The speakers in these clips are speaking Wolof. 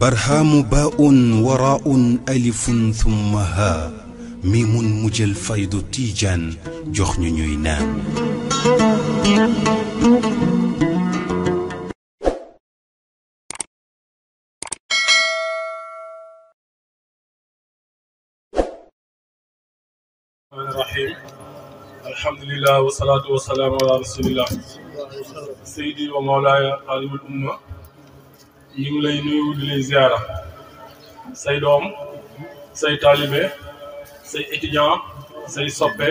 برهام باء وراء ألف ثم ها ميم مجل فيض تيجان جخن نينان الرحيم الحمد لله والصلاة والسلام على رسول الله سيدي ومولاي قادم الأمة ñu ngi lay nuyu di lay ziara say doom say taalibe say étudiant say soppe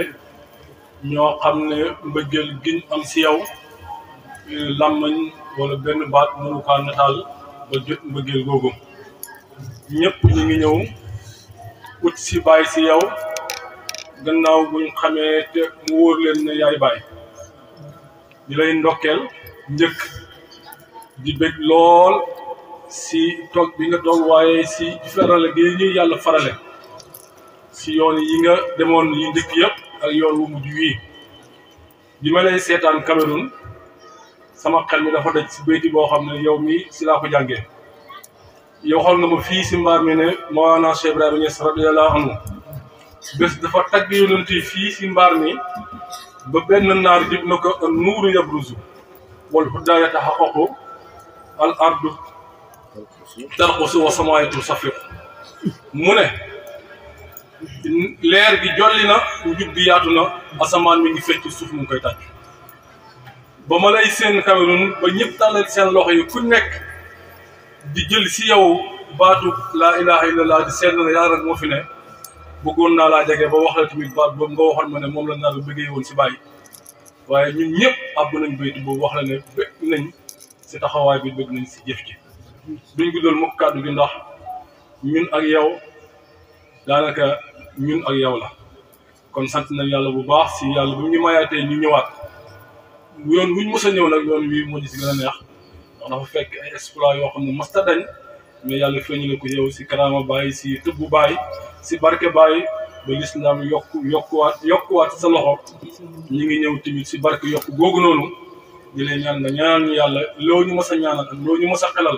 ñoo xam ne mbëggeel giñ am si yow làmmañ wala benn baat mënu kaa nataal ba jot mbëggeel googu ñëpp ñu ngi ñëw ut si bàyyi si yow gannaaw buñ xamee te mu wóor leen ne yaay bàyyi di lay ndokkeel njëkk di bëgg lool si toog bi nga toog waaye si ferale gi ñuy yàlla farale si yoon yi nga demoon yi njëkk yëpp ak yoon wu mujj wii bi ma lay seetaan Cameroun sama xel mi dafa daj si béyti boo xam ne yow mi si laa ko jàngee yow xool nga ma fii si mbaar mi ne Mawlana Cheikh Ibrahima Niass radiyallahu anhu bés dafa tagg yonent yi fii si mbaar mi ba benn naar jib na ko nuuru yabruzu wal hudaa yatahaqqaqu al ardu tarqusu wa samaa'i tunsafiqu mu ne leer bi jolli na njub bi yaatu na asamaan mi ngi fecc suuf mu ngi koy tàcc ba ma lay seen Cameroun ba ñëpp tàllal seen loxo yi ku nekk di jël si yow baatu laa ilaha illallah di seetlu ne yàlla rek moo fi ne bëggoon naa laa jege ba wax la tamit baat nga waxoon ma ne moom la nar a bëggee woon si bàyyi waaye ñu ñëpp àbb nañ béytu boobu wax la ne bëgg nañ si taxawaay bi bëgg nañ si jëf ji duñ guddal mukk kàddu bi ndax ñun ak yow daanaka ñun ak yow la kon sant na yàlla bu baax si yàlla bu ñu mayaatee ñu ñëwaat yoon wuñ mos a ñëw nag yoon wi moo ñu si gën a neex ndax dafa fekk ay exploit yoo xam ne masta dañ mais yàlla feeñu la ko yow si karaama bàyyi si tëbbu bàyyi si barke bàyyi ba lislaam yokk yokkuwaat yokkuwaat sa loxo ñi ngi ñëw tamit si barke yokk googu noonu di leen ñaan nga ñaan yàlla loo ñu mos a ñaanal ak loo ñu mos a xelal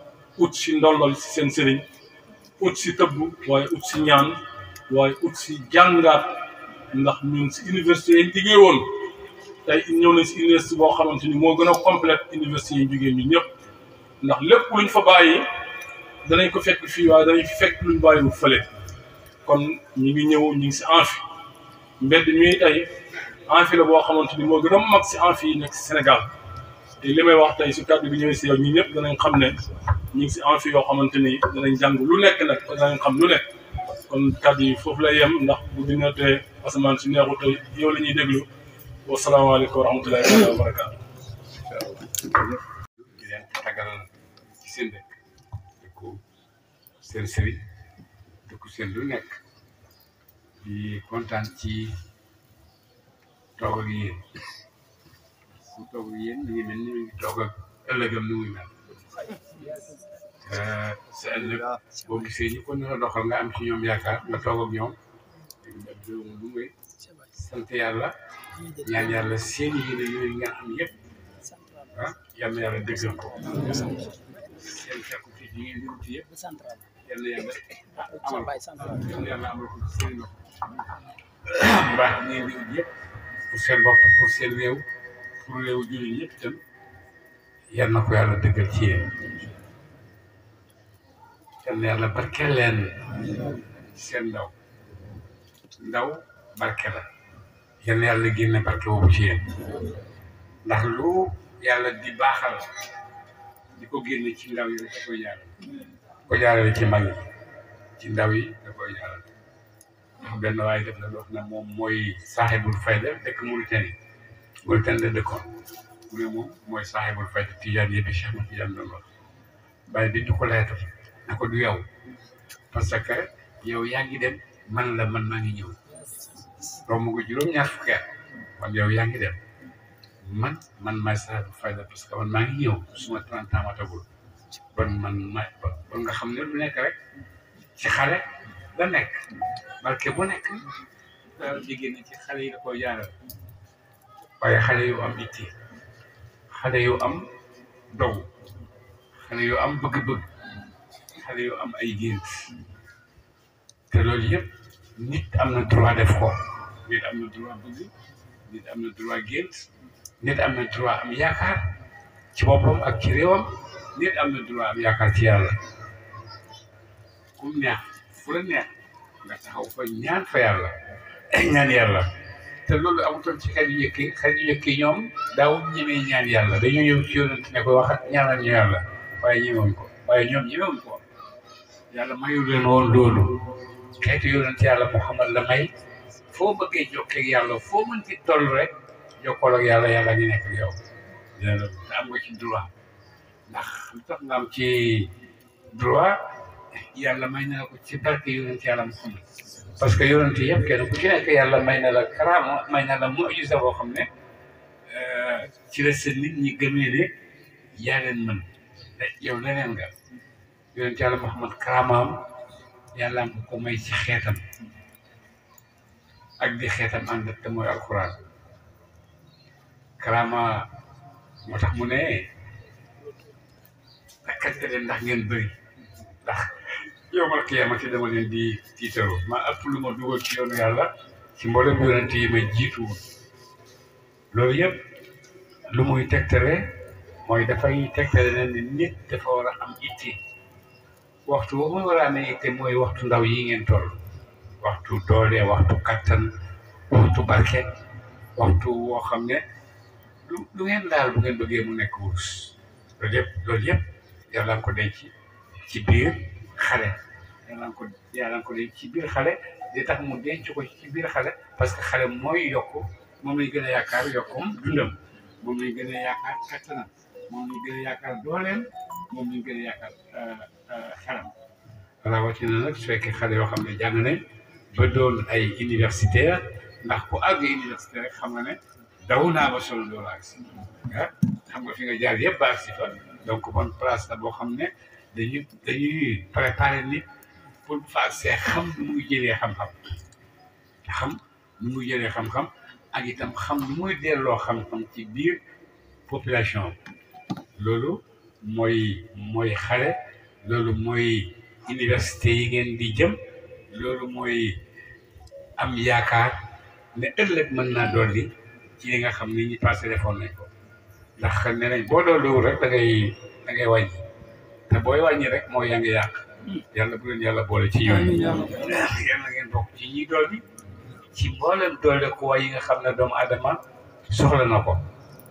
ut si ndollol si seen sëriñ ut si tëbb waaye ut si ñaan waaye ut si jàngaat ndax ñun si université yi liggéey woon tey ñëw nañ si université boo xamante ni moo gën a complète université yi jógee ñun ñëpp ndax lépp luñ fa bàyyi danañ ko fekk fii waaye danañ fekk luñ bàyyi lu fële kon ñu ngi ñëw ñu ngi si amphi mbedd ñuy tey amphi la boo xamante ni moo gën a mag si amphi yi nekk si Sénégal te li may wax tey su kàddu bi ñëwee si yow ñi ñëpp danañ xam ne ñu ngi si am fi yoo xamante ni danañ jàng lu nekk nag danañ xam lu nekk kon kàddu yi foofu la yem ndax bu ñu nootee asamaan si neexu te yow la ñuy déglu wasalaamaaleykum wa rahmatulahi wa barakaatu. di seen dëkk dëkku seen seen lu nekk di kontaan ci toog ak yéen ku toog ak yéen mi ni toog ak ëllëgam ni muy sa ëllëg boo gisee ñi ko nar a doxal nga am ci ñoom yaakaar nga toog ak ñoom lu muy sant yàlla ñaan yàlla seen yéene yooyu nga am yëpp ah yal na yàlla dëggal ko seen fekku ci yi ngeen ñëw ci yëpp yal na yàlla amal yal na yàlla amal ko ci seen loxo mbaax ñi ngeen ñëw yëpp pour seen bopp pour seen réew pour réew jullit yëpp itam yal na ko yàlla dëggal ci yéen yal na yàlla barkeel leen seen ndaw ndaw barke la yal na yàlla génne barke boobu ci yéen ndax lu yàlla di baaxal di ko génne ci ndaw yi da koy jaarale ko jaarale ci mag yi ci ndaw yi da koy jaarale ndax benn waaye def na wax na moom mooy saaxibul fayda dëkk Mauritanie Mauritanie la dëkkoon mu ne moom mooy saaxibul fayda tijaan yi bi Cheikh Ahmad Tijaan doon wax bàyyi bind ko leetar na ko du yow parce que yow yaa ngi dem man la man maa ngi ñëw romb nga juróom-ñaar fukki at kon yow dem man man maay saaxibul fayda parce que man maa ngi ñëw suma 30 ans ma tagul bon man ma bon nga xam ne lu nekk rek ci xale la nekk barke bu nekk daal jigéen ci xale yi la ko jaaral waaye xale yu am xale yu am dow xale yu am bëgg-bëgg xale yu am ay gént te loolu yëpp nit am na droit def ko nit am na droit bëgg nit am na droit gént nit am na droit am yaakaar ci boppam ak ci réewam nit am na droit am yaakaar ci yàlla kum neex fu la nga taxaw fa ñaan fa yàlla ñaan yàlla te loolu amutoon ci xel yu njëkk yi ñoom daaw ñemee ñaan yàlla dañoo ñëw ci yonent ne ko wax ak ñaanal ñu yàlla waaye ñemewuñ ko waaye ñoom ñemewuñ ko yàlla mayu leen woon loolu xeetu yonent yàlla Muhammad la may foo bëggee jokkee yàlla foo mën ci toll rek jokkool yàlla yàlla ngi nekk ak yow yàlla ci droit ndax lu ci droit yàlla may na ci barke yonent yàlla Muhammad parce que yonent yëpp kenn ku ci nekk yàlla may la karaama may la mujisa boo xam ne euh, ci la seen nit ñi gëmee ne yaa leen mën eh, yow leneen nga yonent yàlla Muhammad karaamaam yàlla nga ko may ci xeetam ak di xeetam ànd ak te mooy alquran moo tax mu ne dakkat leen ndax ngeen bëri ndax yowmal qiyaamati dama leen di tiitaroo ma ëpp lu ma dugal ci yoonu yàlla ci mboolem yonent yi ma jiitu loolu yëpp lu muy tegtale mooy dafay tegtale ne ni nit dafa war a am itti waxtu boobu muy war mooy waxtu ndaw yi ngeen tool waxtu doole waxtu kattan waxtu barke waxtu woo xam ne lu lu ngeen daal bu ngeen bëggee mu nekk wurus loolu yëpp yàlla ko denc ci biir. xale yàlla na ko yàlla ci biir xale di tax mu denc ko ci biir xale parce que xale mooy yokk moom lañ gën a yaakaar yokkum dundam moom lañ gën a yaakaar kattanam moom lañ gën a yaakaar dooleem moom lañ gën a yaakaar euh, euh, xelam. rawatina nag su xale yoo xam ne jàng nañ ba doon ay universitaire ndax ku àgg université rek xam ne daw naa ba solo doo la ah, nga fi nga jaar yëpp ba agsi fa donc bon place la boo xam ne. dañu dañuy préparer nit pour bu fa xam nu muy jëlee xam-xam xam nu muy ak itam xam nu delloo xam-xam ci biir population loolu mooy mooy xale loolu mooy université yi ngeen di jëm loolu mooy am yaakaar ne ëllëg mën naa dolli ci li nga xam ni ñi passé defoon nañ ko ndax nee nañ boo doon rek da ngay da te booy wàññi rek moo yaa ngi yàq yàlla bu leen yàlla boole ci ñooñu yàlla ngeen bokk ci ñi dool bi ci mboolem doole kuwaay yi nga xam na doomu adama soxla na ko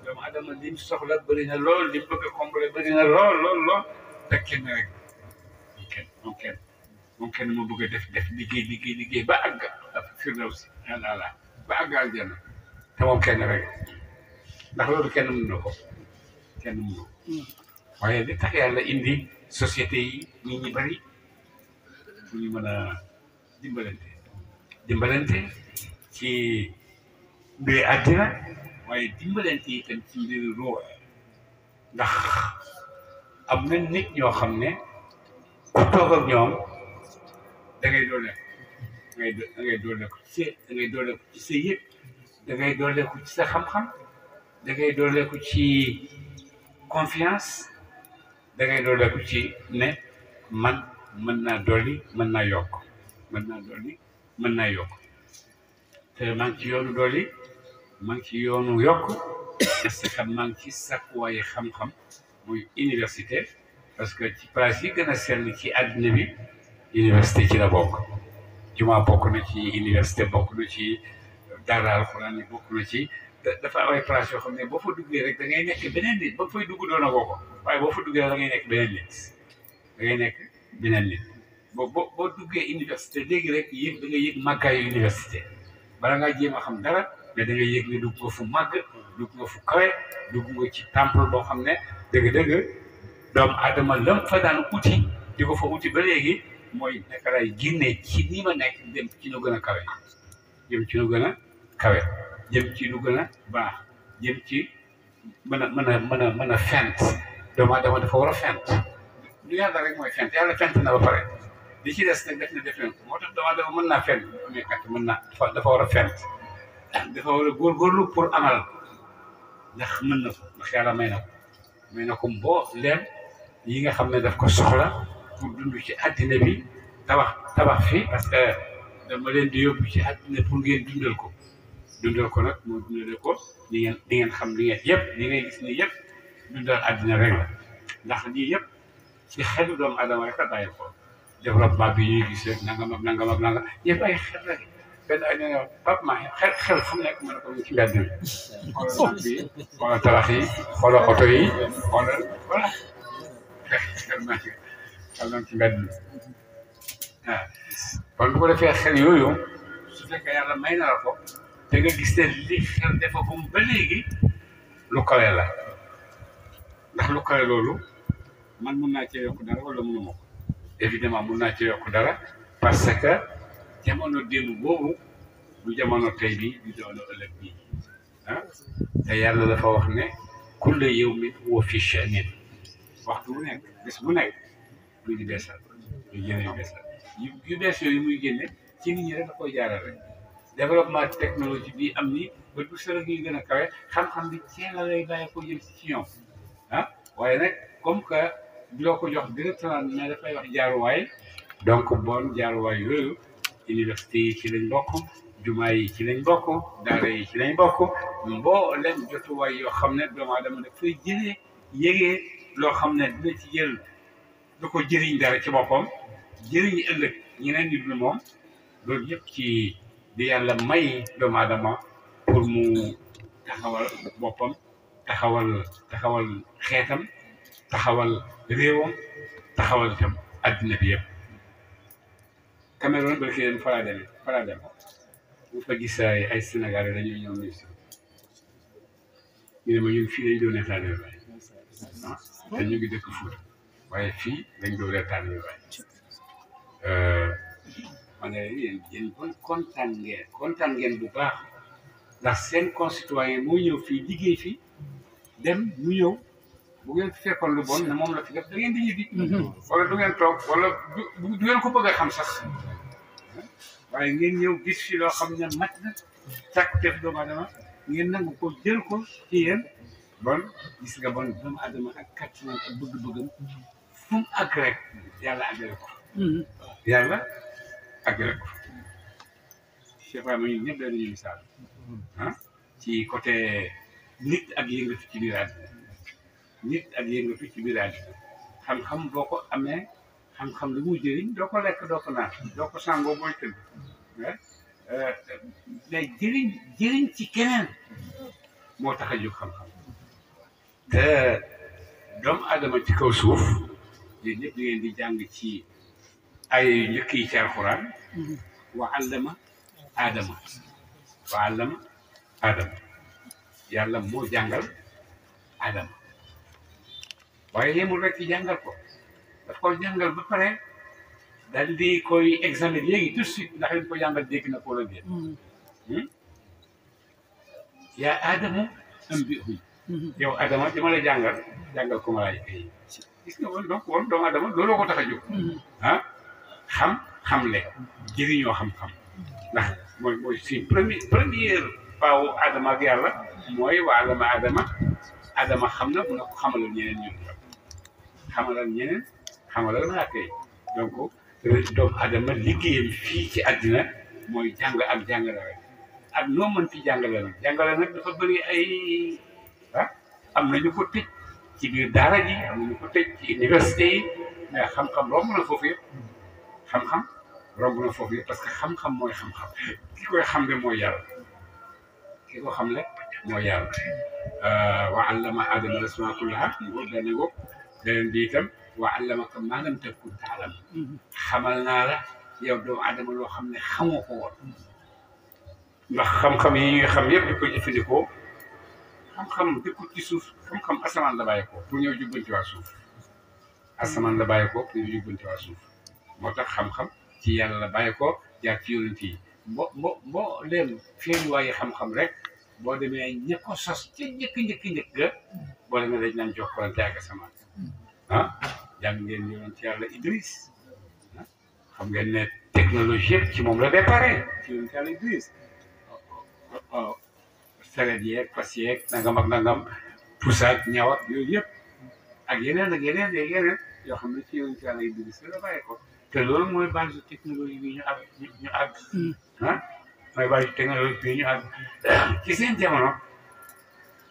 doomu adama lim soxla bëri na lool lim bëgg a comblé bëri lool lool lool te kenn rek moom kenn moom kenn moom kenn def def liggéey liggéey liggéey ba àgg firdawsi àlala ba àgg aljanna te moom kenn rek ndax loolu kenn mën na ko kenn mën waaye li tax yàlla indi société yi ñu ñi bari fu ñu mën a dimbalante ci mbiri àddina waaye dimbalante itam ci mbiri roo ndax am na nit ñoo xam ne ku toog ak ñoom da ngay doole dangay da ngay doole ko ci sa yëpp da doole ko ci sa xam-xam da doole ko ci confiance da ngay dooleeku ci ne man mën naa dolli mën na yokk mën na dolli mën naa yokk te maa ci yoonu dolli maa ngi ci yoonu yokk parce que maa ngi ci sakkuwaayu xam-xam muy université parce que ci place yi gën a sell ci àddina bi université ci la bokk jumaa bokk na ci université bokk na ci daara alxuraan bokk na ci dafa am ay yoo xam ne boo fa duggee rek da ngay nekk beneen nit ba fay dugg doon a ko waaye boo fa duggee da ngay nekk beneen nit da ngay nekk beneen nit boo boo boo duggee université léegi rek yëg da ngay yëg màggaayu bala ngaa jéem a xam dara mais da ngay dugg nga fu màgg dugg nga fu kawe dugg nga ci temple boo xam ne dëgg-dëgg doomu aadama lam fa daan uti di ko fa uti ba léegi mooy naka lay ne ci nii ma nekk dem ci ñu gën a kawe jëm ci ñu gën a kawe. jëm ci lu gën a baax jëm ci mën a mën a mën a mën a fent doomu dafa war a fent lu yàlla rek mooy fent yàlla fent na ba pare li ci des ne def na def leen ko mën naa fent amee kat mën naa dafa dafa war a fent dafa war a góorgóorlu pour amal ndax mën na ko ndax yàlla may na ko may na ko mboo leen yi nga xam ne daf ko soxla pour dund ci àddina bi tabax tabax fii parce que dama leen di yóbbu ci àddina pour ngeen dundal ko dundal ko nag moo dundale ko li ngeen li ngeen xam li ngeen yëpp li ngay gis ni yëpp dundal àddina rek la ndax lii yëpp ci xelu doomu adama rek a bàyyi ko développement bi ñuy gis rek nangam ak nangam ak nangam yëpp ay xel rek benn ay ñoom Pape Mahi xel xel fu mu nekk mën na ko ci mbedd mi xoolal nag bi xoolal tabax yi xoolal oto yi xoolal voilà xel maa ci xel maa ci mbedd mi waaw kon bu ko defee xel yooyu su fekkee yàlla may na la ko te nga gis ne li xel defagum ba léegi lu kawe la ndax lu kawe loolu man mun naa cee yokk dara wala mënuma ko évidemment mun naa cee yokk dara parce que jamono démb boobu lu jamono tey bi du jamono ëllëg bi ah te yàlla dafa wax ne kulle yow mi woo fi chanin waxtu bu nekk bés bu nekk yu bees yooyu muy génne ci nit rek da koy jaarale développement technologie bi am ni bët bu solo ñuy gën a kawe xam-xam bi teel a lay bàyyi ko ci ñoom ah waaye nag comme que loo ko jox directement mais dafay wax jaaruwaay donc bon jaaruwaay yooyu université yi ci lañ bokk jumaa yi ci lañ bokk daara yi ci lañ bokk mboolem jotuwaay yoo xam ne doomu aadama dafay jëlee yëgee loo xam ne dina ci jël du ko jëriñ dara ci boppam jëriñ ëllëg ñeneen nit ñi moom loolu yëpp ci di yàlla may doomu aadama pour mu taxawal boppam taxawal taxawal xeetam taxawal réewam taxawal tam addina bi yëpp Cameroun barki leen falaa demee falaa dem bu fa gis ay Sénégalais dañuy ñëw ministre ñu ne ma ñun fii lañ doon état de waay ah te ñu ngi dëkk Fuuta waaye fii lañ doon état de waay ma ne leen yéen kon bu baax ndax seen concitoyen moo ñëw fii liggéey fi dem mu ñëw bu ngeen fekkoon lu bon moom la fi def da ngeen di ñibbi. Mhm. wala du ngeen toog wala du ngeen ko bëgg a xam sax waaye ngeen ñëw gis fi loo xam ne mat na takk def doomu adama ngeen nangu ko jël ko ci yéen bon gis nga bon doomu adama ak kàttanam ak bëgg-bëggam fu mu rek yàlla àggale mhm. yàlla. àggale ko Cheikh Ibrahima ñun ñëpp dañu ñuy misaal ah ci côté nit ak yëngatu ci biir nit ak yëngatu ci biir àddina xam-xam boo ko amee xam-xam lu muy jëriñ doo ko lekk doo ko naan doo ko sàngoo booy tëdd eh, eh, jëriñ jëriñ ci keneen moo tax aju jóg xam-xam te doomu aadama ci kaw suuf yéen di ngeen di jàng ci ay yu njëkk yi ci alxuraan mm-hmm. wa allama aadama wa allama aadama yàlla moo jàngal aadama waaye yemul rek jàngal ko daf ko jàngal ba pare daal di koy examen léegi tout de suite ndax leen ko jàngal dégg na ko la bien mm-hmm. hmm? yaa aadama am adama mm-hmm. dama la jàngal jàngal ko malaayika yi gis nga adama looloo ko tax a jóg ah? xam xamle jëriñoo xam-xam mooy mooy si premier première Adama ak yàlla mooy waa Adama Adama Adama xam na mu ne ko xamalal ñeneen ñun xamalal ñeneen xamalal laa tey donc doomu Adama liggéeyam fii ci àddina mooy jàng ak jàngale rek ak noo mën nag dafa bëri ay ah am nañu ko tëj ci biir daara ji am nañu ko tëj ci université yi mais xam-xam romb na foofu yëpp xam-xam romb na foofu yëpp parce que xam-xam mooy xam-xam ki koy xamle mooy yàlla ki ko xamle mooy yàlla euh, wa allama adama al-asmaa kullahaa benn bopp beneen bi itam wa allamaka maa lam takun taalam xamal naa la yow doomu adama loo xam ne xamoo ko woon xam-xam yi ñuy xam yëpp di ko jëfandikoo xam-xam dëkkul ci suuf xam-xam asamaan la bàyyi ko pour ñëw jubbanti waa suuf suuf moo tax xam-xam ci la bàyyi ko jaar ci yonent yi bo bo boo leen feeñuwaayu xam-xam rek boo demee ña ko sos ca njëkk njëkk njëkk ga boo demee dañ naan jokkalante ak asamaan ah jàng ngeen yonent yàlla Idris ah, xam ngeen ne technologie yëpp ci moom la déparé ci yonent yàlla Idris oh, oh, oh, saret yeeg fas yeeg nangam ak nangam pusaak ñaw ak yooyu yëpp yeneen ak yeneen ak yoo xam ne ci yonent yàlla Idris la bàyyi ko te loolu mooy base technologie bi ñu àgg ñu àgg mm. ah mooy base technologie bi ñu àgg ci seen jamono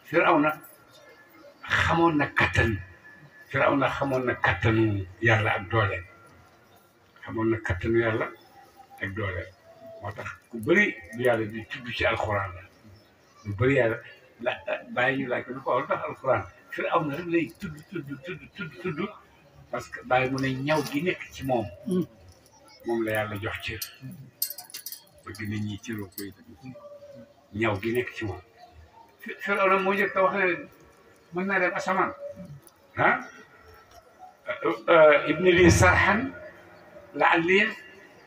Firawna xamoon na kattan Firawna xamoon na kattanu yàlla ab doole xamoon na kattanu yàlla ak doole moo tax ku bëri lu yàlla di tudd ci alxuraan la lu bëri yàlla la bàyyi ñu laaj ko ko war a tax Firawna rek lay tudd tudd tudd parce que bàyyi mu ne ñaw gi nekk ci moom. Mm. moom la yàlla jox cër. bëgg nit ñi cëroo koy ñaw gi nekk ci moom. Firawna moo njëkk a wax ne mën naa dem asamaan. ah. ibni lii sarxan laalli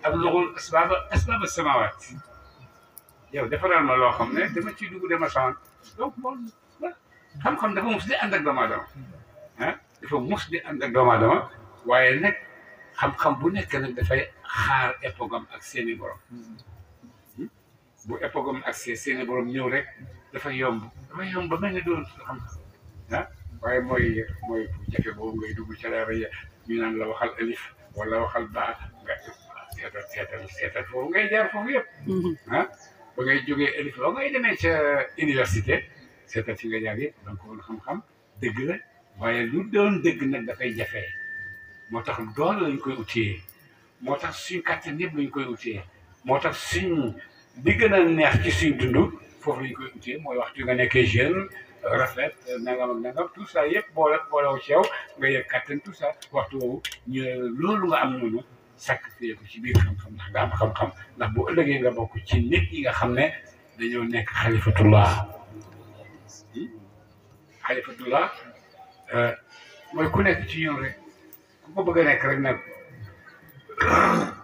ablughul asbaaba asbaaba samawaat yow defaral ma loo xam ne dama ciy dugg dem asamaan donc loolu xam-xam mos di ànd ak doomu aadama ah. dafa mus di ànd ak doomu aadama waaye nag xam-xam bu nekk nag dafay xaar épogam ak seeni borom hmm? bu épogam ak seeni borom ñëw rek dafay yomb dafay yomb ba mel ni doon xam ah waaye mooy mooy jafe boobu ngay dugg ca daara ya la waxal wala waxal baa nga seetal seetal ngay jaar foofu yëpp ah nga jaar yëpp donc waaye lu doon dëgg nag dafay jafe moo tax doole lañ koy utiyee moo tax suñ kàttan yëpp lañ koy utiyee moo tax suñ bi gën a neex ci suñ dund foofu lañ koy utiyee mooy waxtu nga nekkee jeune rafet nangam ak nangam tout ça yëpp boole boolewu ci yow nga yëg kàttan tout ça waxtu woowu ñu loolu nga am noonu sakk ko ci biir xam-xam ndax nga xam-xam ndax bu ëllëgee nga bokk ci nit yi nga xam ne dañoo nekk xalifatullah hmm? xalifatullah Eh, mooy ku nekk ci ñun rek ku ko bëgg a nekk rek nekk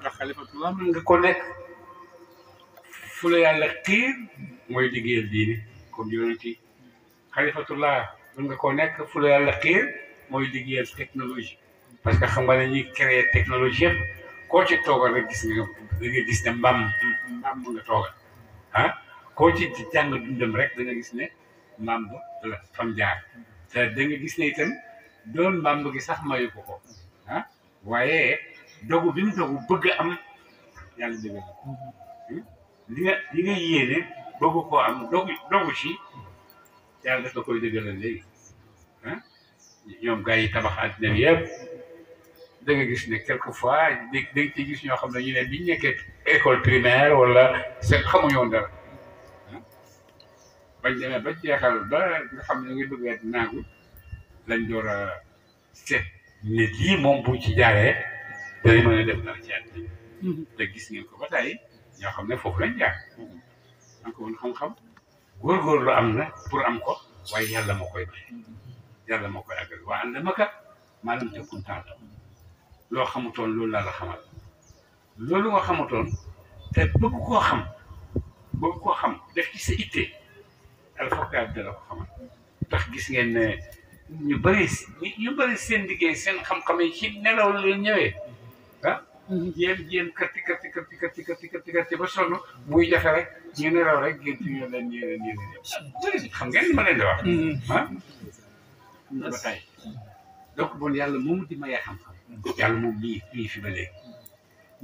ndax xalifatullah mën nga ko nekk yàlla xiir mooy liggéeyal diine comme yonent yi xalifatullah mën nga ko nekk fu yàlla xiir mooy liggéeyal technologie parce que xam nga ne ñuy créer technologie yëpp koo ci toogal rek gis nga nga gis ne mbaam mbaam mu nga toogal ah koo ci jàng dundam rek da gis ne mbaam ba jaar te da nga gis ne itam doon mbàmb gi sax mayu ko ko ah waaye dogu bi mu dogu bëgg am yàlla dëgg mm-hmm. hmm? li nga li nga yéene bëgg koo am dogu ci yàlla daf la koy dëggalal léegi ah, ñoom gars yi tabax àddina bi yëpp da nga gis ne quelque fois da nga gis ñoo xam ne ñu ne biñ nekkee école primaire wala seen xamuñu woon bañ demee ba jeexal ba nga xam ne ñu ngi bëgg a naagu lañ door a seet ne lii moom bu ci jaaree day mën a def dara ci at mm-hmm. te gis ngeen ko ba tey ñoo xam ne foofu lañ jaar donc woon xam-xam góorgóorlu am na pour am ko waaye yàlla moo koy may mm-hmm. yàlla moo koy àggal waa ànd ma kat maanaam te kontaan la loo xamutoon loolu laa la xamal loolu nga xamutoon te bëgg koo xam bëgg koo xam def ci sa ittee alphabet dala ko xamal ndax gis ngeen ne ñu bëri ñu bëri seen liggéey seen xam-xam yi ci nelaw la ñëwee ah. Mm-hmm. jéem jéem kati kati kati kati kati kati ba sonn muy jafe rek ñu nelaw rek gént ñu leen ñu leen ñu xam ngeen ma leen di wax. Mm-hmm. ah yàlla moomu di mayee xam-xam. yàlla moom mii mii fi ba léegi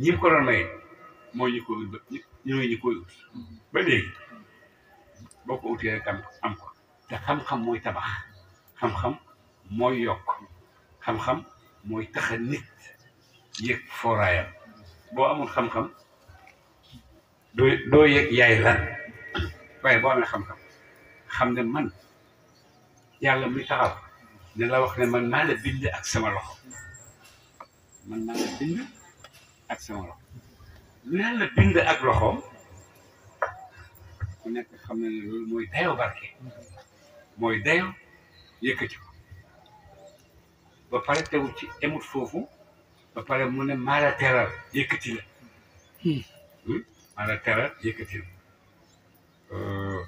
ñi ko doon maye moo ñu koy ut ba léegi. boo ko utee rek am ko te xam-xam mooy tabax xam-xam mooy yokk xam-xam mooy tax a nit yëg fooraayam boo amul xam-xam doo doo yëg yaay lan waaye boo amee xam-xam xam ne man yàlla muy taxaw ne la wax ne man maa la bind ak sama loxo man maa la bind ak sama loxo lu yàlla bind ak loxoom ku nekk xam na ne loolu mooy dayo barke mooy dayo yëkkati ba pare tewul ci emut foofu ba pare mu ne maa la teral la maa la teral yëkkati la hmm. Hmm? Euh,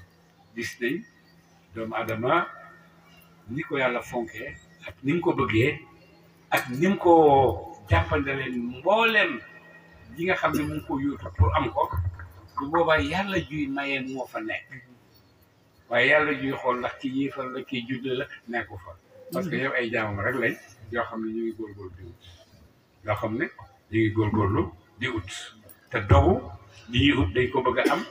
gis nañ doomu adama ni ko yàlla fonke ak ni mu ko bëggee ak ni mu ko jàppandaleen mbooleem yi nga xam ne mu ngi ko yóotu pour am ko bu boobaa yàlla juy mayee moo fa nekk waaye yàlla juy xool ndax ki yéefal la ki judd la nekku fa parce que yow ay jaamam rek lañ yoo xam ne ñu ngi góorgóorlu di ut yoo xam ne ñu ngi góorgóorlu di ut te dogu li ñuy ut dañ ko bëgg am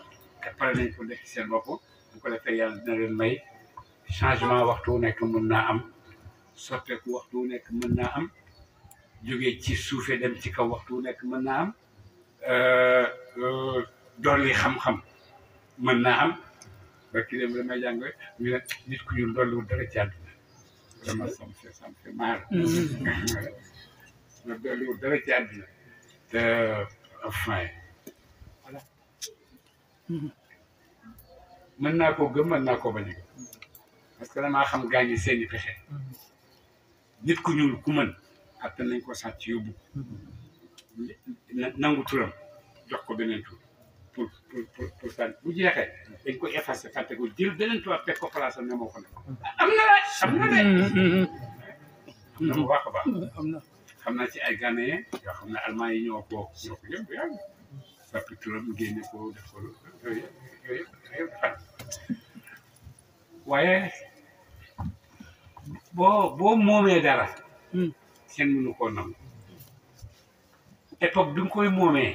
te pare nañ ko def seen bopp bu ko defee yàlla dina leen may changement waxtu wu nekk mën naa am soppeeku waxtu wu nekk mën naa am jógee ci suufee dem ci kaw waxtu wu nekk mën naa am euh, euh, dolli xam-xam man na am ba ki dem damay jangoy ñu ne nit ku ñuul wu dara ci àdduna dama sam ci sam fe na ma wu dara ci àdduna te afay voilà man na ko gëm man na ko bañ parce que dama xam gañu seen pexé nit ku ñul ku man attan nañ ko ci yobbu mm-hmm. nangu turam jox ko benen tur pour pour bu jeexee dañ ko effacé fàtte ko jël beneen tubaab teg ko place am ne moo ko nekk. am na la am na de. Mm-hmm. am na baax a baax. Mm-hmm. na xam naa ci ay Ghanéen yoo xam ne Allemand yi ñoo ko ñoo ko yëpp yàlla. Pape ko waaye boo boo moomee dara. Mm. kenn mënu koo nangu. époque bi nga koy moomee.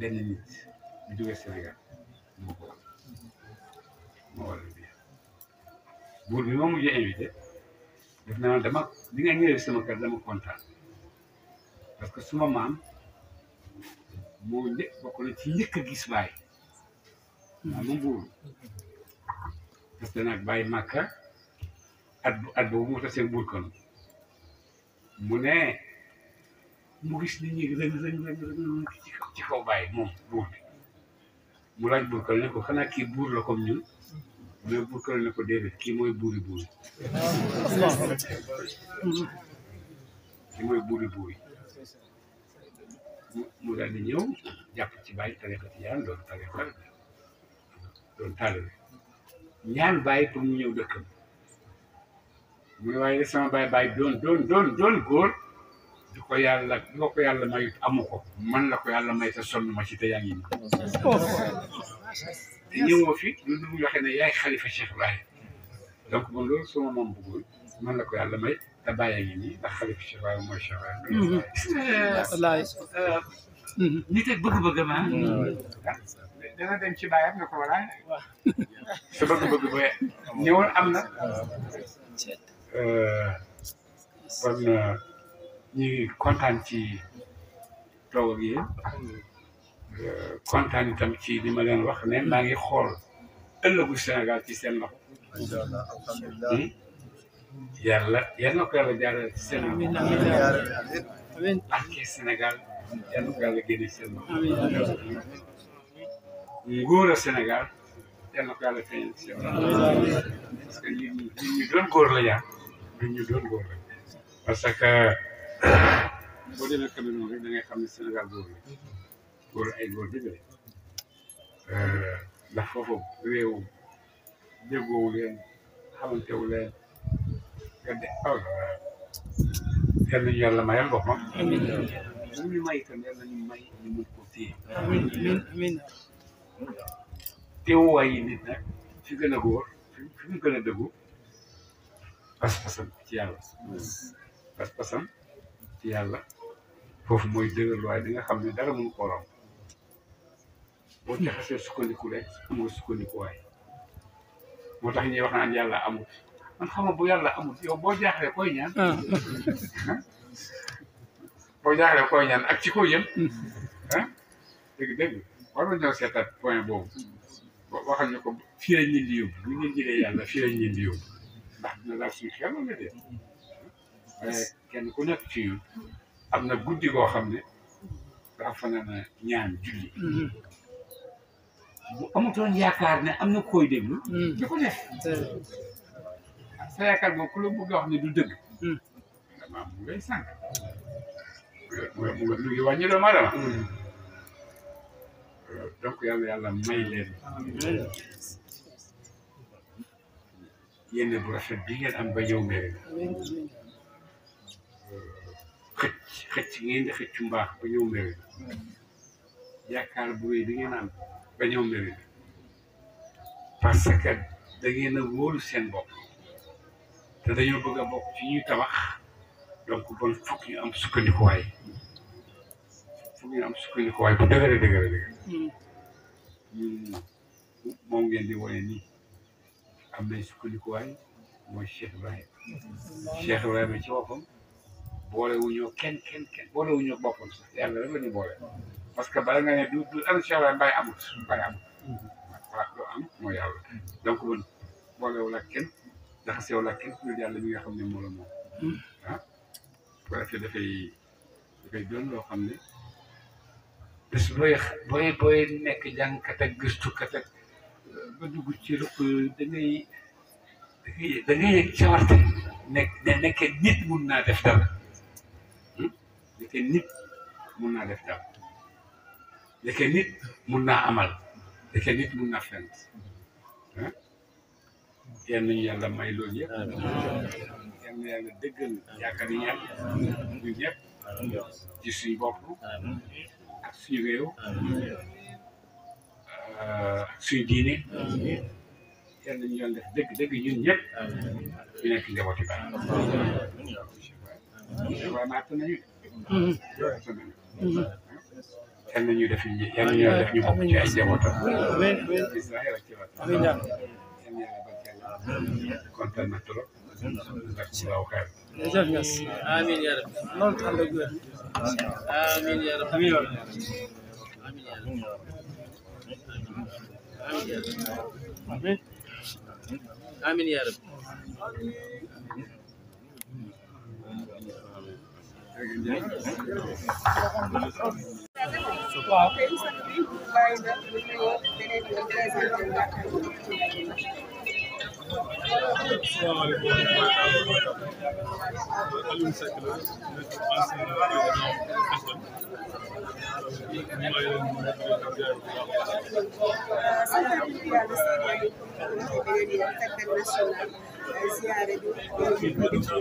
benn nit bu jógee Sénégal moo ko moo waral bi buur bi moo mujjee invité def naa dama li nga ñëwee sama kër dama kontaan parce que suma maam moo një bokk na ci njëkk a gis baay waaw moom buur parce que nag bàyyi màkka at at boobu mu tasee buur kon mu ne mu gis nit ñi rëñ rëñ rëñ ci ci kaw moom buur mu laaj burkal ne ko xanaa ki buur la comme ñun mais burkal ne ko déedéet kii mooy buuri buuri kii mooy buuri buuri mu daal di ñëw jàpp ci bàyyi tariqa ci yaan doon tariqa doon ñaan bàyyi pour mu ñëw dëkkam mu ne waaye sama bàyyi bàyyi doon doon doon doon di ko yàlla di ko mayut amu ko man la ko yàlla may te sonn ma ci te yaa nii. te ñëwoo fi lu dul ne yaay xalifa Cheikh Ibrahim donc man loolu suma moom bëggul man la ko yàlla may te bàyyi ngi nii ndax xalifa Cheikh Ibrahim mooy Cheikh Ibrahim. Mm-hmm. wallaay. Mm-hmm. nit ak bëgg-bëggam mm-hmm. ah. dana dem ci bàyyam ne ko walaay. sa bëgg-bëgg ba ñëwoon am na. Euh, kon. Euh, ñu ngi kontaan ci toog ak yéen kontaan itam ci li ma leen wax ne maa ngi xool ëllëgu Sénégal ci seen loxo. yàlla yal na ko yàlla jaarale ci seen loxo. ak ci Sénégal yal na ko yàlla génne seen loxo. nguur a Sénégal yal na ko yàlla feeñal ci seen loxo. parce que ñu ñu doon góor la yaa ñu doon góor la parce que. boo demee Cameroun rek da ngay xam ne Sénégal boobu góor ay góor la eh, foofu réew déggoowu wu leen gàdde aw yal nañu may itam yal nañu may ñu mën ko téye teewuwaay yi nit fi gën a góor fi mu gën a dëggu pas-pasam ci yàlla mm. pas-pasam ci yàlla foofu mooy dëgër waaye di nga xam ne dara mënu ko raw boo ci xasee sukkandiku rek amoo sukkandiku moo tax ñuy wax naan yàlla amul xam nga bu yàlla amul yow boo jaaxlee koy ñaan. Ah. boo jaaxlee koy ñaan ak ci ko yëm. ah dégg dégg war point boobu waxal ñu ko fii lañ leen di yóbbu bu ñu leen jëlee yàlla fii lañ mais kenn ku nekk ci am na guddi goo xam ne dafa fanaan ñaan julli bu amutoon yaakaar ne am na koy déglu di ko def sa yaakaar boobu ku la bëgg a wax ne du dëgg dama mu ngay sànq mu nga mu ngi wàññi doomu aadama donc yàlla yàlla may leen yéen bu rafet bi ngeen am ba ñëw xëcc xëcc ngeen di xëccu mbaax ba ñëw mbéwi bu wéy di ngeen am ba ñëw parce que da ngeen a wóolu seen bopp te dañoo bëgg a bokk ci ñuy tabax donc bon fokk am sukkandikuwaay fokk am sukkandikuwaay bu dëgëre dëgëre dëgëre ñun hmm. hmm. ngeen di wone nii am nañ sukkandikuwaay mooy ci Ibrahima hmm. Cheikh Ibrahima ci boppam boole wu kenn kenn kenn boole wu ñoo yàlla rek la ñu boole parce que bala nga ne du du am si yàlla am mooy yàlla donc man boolewul ak yàlla mi nga xam ne moo la ah, dafay dafay doon loo xam ne bés booy booy booy nekk jàngkat ak gëstukat ak ba dugg ci rëpp da ngay da ngay da nekk nit mun naa def dara ndeke nit mun naa def dara ndeke nit mun naa amal ndeke nit mun naa fent ah. yal nañu yàlla may loolu yëpp yal na yàlla dëggal yaakaar yi ñun ñëpp ci suñu bopp ak suñu réew ah, suñu diine yal nañu yàlla def dëgg dëgg ñun ñëpp ñu nekk njabooti baax waaye naat nañu yal mm-hmm. na ñu def ñu yal na ñu def ñu bokk ci ay njabootam. kontaan na trop. amiin yaa rabbi amiin yaa rabbi amiin yaa rabbi तो आप Sometimes we are the same way, we really affect the national. ziare bi dañuy bu ko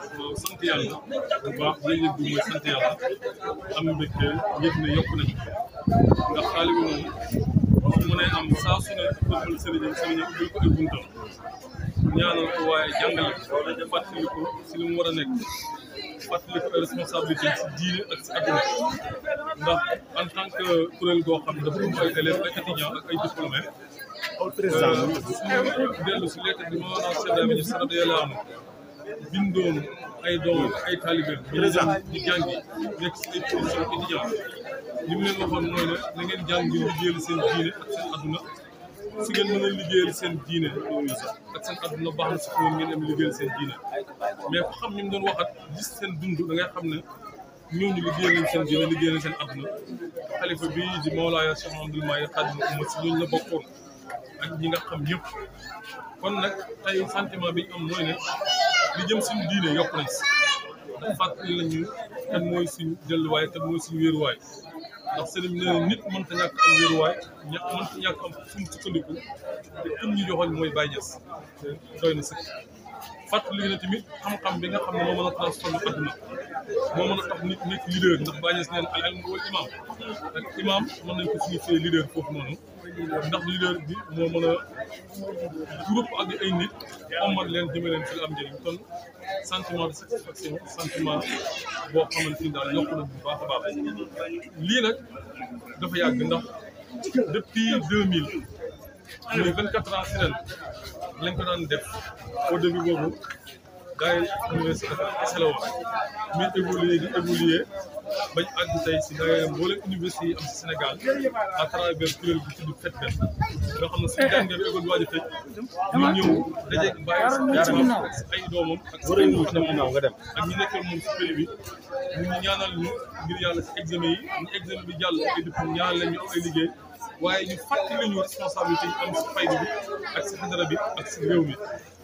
a bu baax li ñu am mbégte yëpp ne yokku nañu ndax xaalis moom mu ne am saa su ne bëggal sëriñam sëriñam ubbil buntam ñaanal ko waaye jàngale ko fàttali si li war a nekk. fàttaliku responsabilité ci diine ak ci àdduna ndax en tant que kuréel goo xam ne dafa am ay élèves ay étudiants ak ay diplômés euh, dellu si lettre bi maanaam sedda ministre radiyallahu anhu bindoon ay doom ay talibé ñu jàngi nekk si ay position étudiant mu leen waxoon mooy ne na ngeen jàngi liggéeyal seen diine ak seen àdduna سجل من اللي جيل سن دينا يوزا أتصل قد الله بحر سكون من اللي جيل سن دينا ما يفهم من دون واحد جس سن دون دون غير خمنا نون اللي جيل سن دينا اللي جيل سن أبنا خليفة بي جمال يا سلام دل ما يقعد مسلول لبكون أجي نك خم يوم كون أي سنتي ما بي أم نوين اللي جيل سن دينا يوكلس فات لنيو كان موسى جل واي كان موسى وير ndax sëriñ bi nee na nit mënta ñàkk am wéruwaay ña mënta ñàkk am fu mu te am ñu joxoñ mooy Baye Niass doy na sëkk fàttali tamit xam-xam bi nga xam ne moo man a transformé àdduna moo mën a tax nit nekk leader ndax Baye Niass nee na al ilmu wal imaam imaam mën nañ ko suñu fee leader foofu noonu ndax leader bi moo mën a groupe ak ay nit ommat leen jëme leen ci am njëriñ kon sentiment de satisfaction sentiment boo xamante ni daal yokk na bu baax a baax lii nag dafa yàgg ndax depuis deux mille muy vingt quatre ans si ren lañ ko daan def au début boobu daayira université dafa kese la woon muy évoluer di évoluer bañ àgg tey si daayira mboolem université yi am si Sénégal à travers kuréel bu tudd FEDFED nga xam ne suñu jàngee bi école waaj a tëj ñu ñëw daje bàyyi si ay doomam ak si ay doomam dem ak ñu nekkal moom si pays bi ñu ñaanal ñu yàlla si examen yi ñu examen bi jàll ay diplôme ñaanal la liggéey waaye ñu fàttali ñu responsabilité yi si fayda bi ak si xadara bi ak si réew mi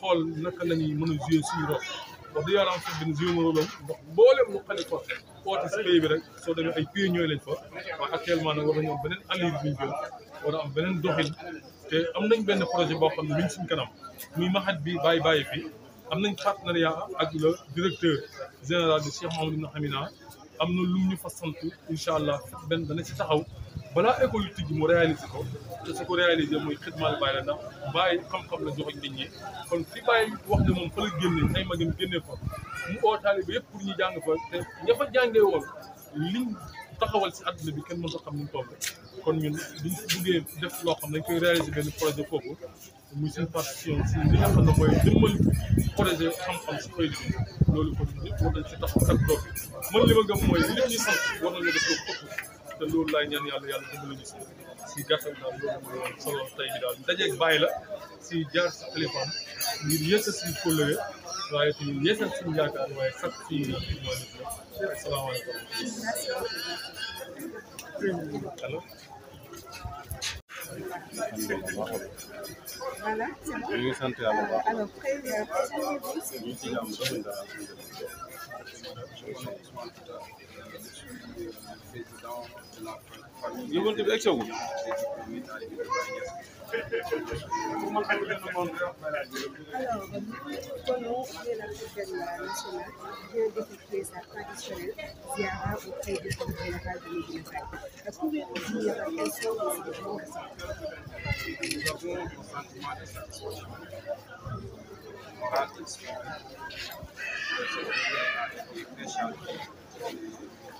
xool naka la ñuy mën a jouer suñu rôle wax dëgg yàlla am sax benn jouer ma rôle am ndax mboolem lu xale fa oote si pays bi rek soo demee ay pionniers lañ fa waaye actuellement nag war nañu am beneen allure bu ñu jël war a am beneen doxin te am nañ benn projet boo xam ne mi ngi suñ kanam muy maxat bi bàyyi bàyyi fi am nañ partenariat ak le directeur général de Cheikh Mahamadou Ibn Hamina am na lu ñu fa sant incha allah benn dana ci taxaw balaa école yu tijji mu réalisé ko te su ko réalisé mooy xidmaal bàyyi la ndax bàyyi xam-xam la joxoñ nit ñi kon fi bàyyi wax ne moom fa la génne ay magam génne fa mu oo taalibe yëpp pour ñu jàng fa te ña fa jàngee woon liñ taxawal si àdduna bi kenn mën ko xam ni kon ñun buñ buggee def loo xam dañ koy réaliser benn projet foofu muy seen participation si li nga xam ne mooy jëmmal projet xam-xam si loolu kon ñëpp war nañ si taxaw kat doog mën li ma gëm mooy li ñu sant war nañu def ko foofu te loolu laay ñaan yàlla yàlla dimbali ñu si si gàttal daal loolu mooy woon solo tey bi daal dajeeg bàyyi la si jaar si téléphone ngir yëkkal si kóllëre waaye tamit yëkkal suñu yaakaar waaye sax si ñaan bi mooy def asalaamaaleykum allo voilà. ñu ngi sant yàlla bu baax. alors président. ñu ngi ci jàmm yóbbante bi egseegul Thank you.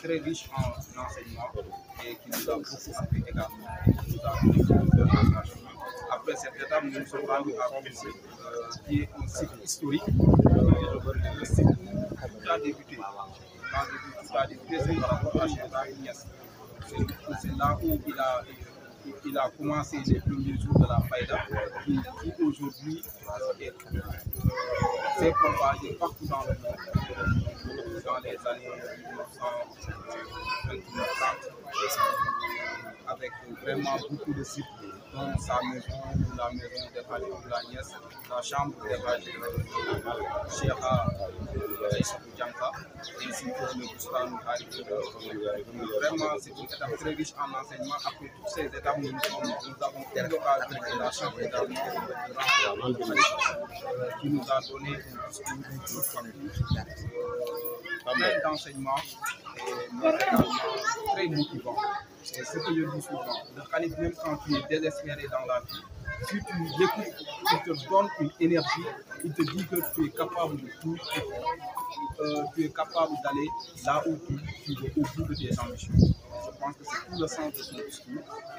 très riche en enseignement et qui nous a beaucoup appris également, Après cette étape, nous sommes allés à euh, qui est un site historique. Euh, tout a débuté. Tout c'est par rapport à C'est là où il a il a commencé les premiers jours de la Faïda, qui, aujourd'hui c'est euh, propagé partout dans le monde, dans les années 1929 avec vraiment beaucoup de sites, dont sa maison, la maison de Khalid Blagnès, la chambre de Khalid Cheikha Djanka, ainsi que le euh, Boustan Vraiment, c'est une étape très riche en enseignement. Après toutes ces étapes, nous, nous avons tel local de la chambre de Khalid euh, qui nous a donné une, une, une, une plein d'enseignements d'enseignement, très motivant, C'est ce que je dis souvent. Le calife, même quand tu es désespéré dans la vie, si tu l'écoutes, il te donne une énergie, il te dit que tu es capable de tout, euh, tu es capable d'aller là où tu, tu veux, au bout de tes ambitions pense que c'est tout le centre de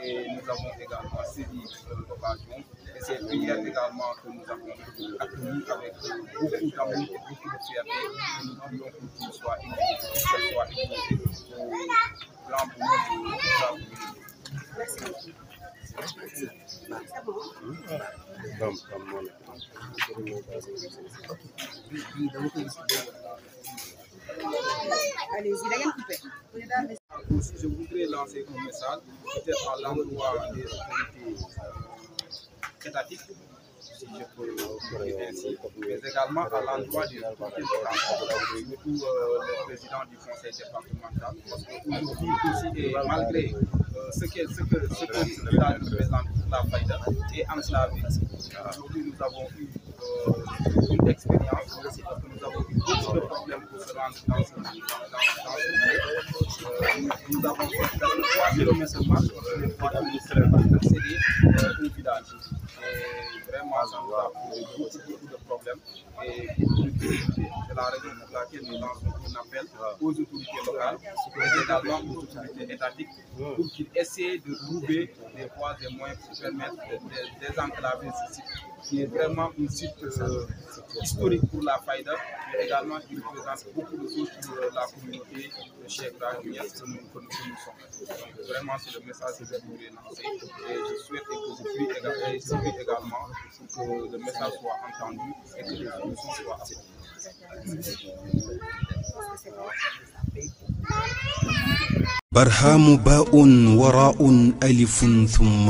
Et nous avons également saisi l'occasion. Et c'est également que nous avons accueilli avec beaucoup d'amour et beaucoup de fierté. Et nous tout soit que soit Merci je voudrais lancer un message, peut-être euh, à l'endroit des autorités étatiques, si je peux le ainsi, mais également à l'endroit du autorités des surtout euh, le président du conseil départemental, parce qu'aujourd'hui malgré euh, ce que, ce que, ce que, ce que la, la Faïda est enclavée, euh, aujourd'hui nous avons eu d'expérience, je parce que nous avons eu beaucoup de problèmes pour se rendre dans ce pays. Nous avons fait trois kilomètres de marche contre les de administrés le un village. Et vraiment, ça nous a posé beaucoup, de problèmes. Et c'est la raison pour laquelle nous lançons un appel aux autorités locales, mais également aux autorités étatiques, pour qu'ils essayent de trouver des voies des moyens qui permettent de désenclaver ce site qui est vraiment un site euh, historique pour la Faida, mais également qui représente beaucoup de choses pour euh, la communauté de Cheikh ce que nous connaissons. Donc, vraiment, c'est le message que je voulais lancer. Et je souhaite que vous puissiez également, que le message soit entendu et que les solutions soit apportées. برهام باء وراء ثم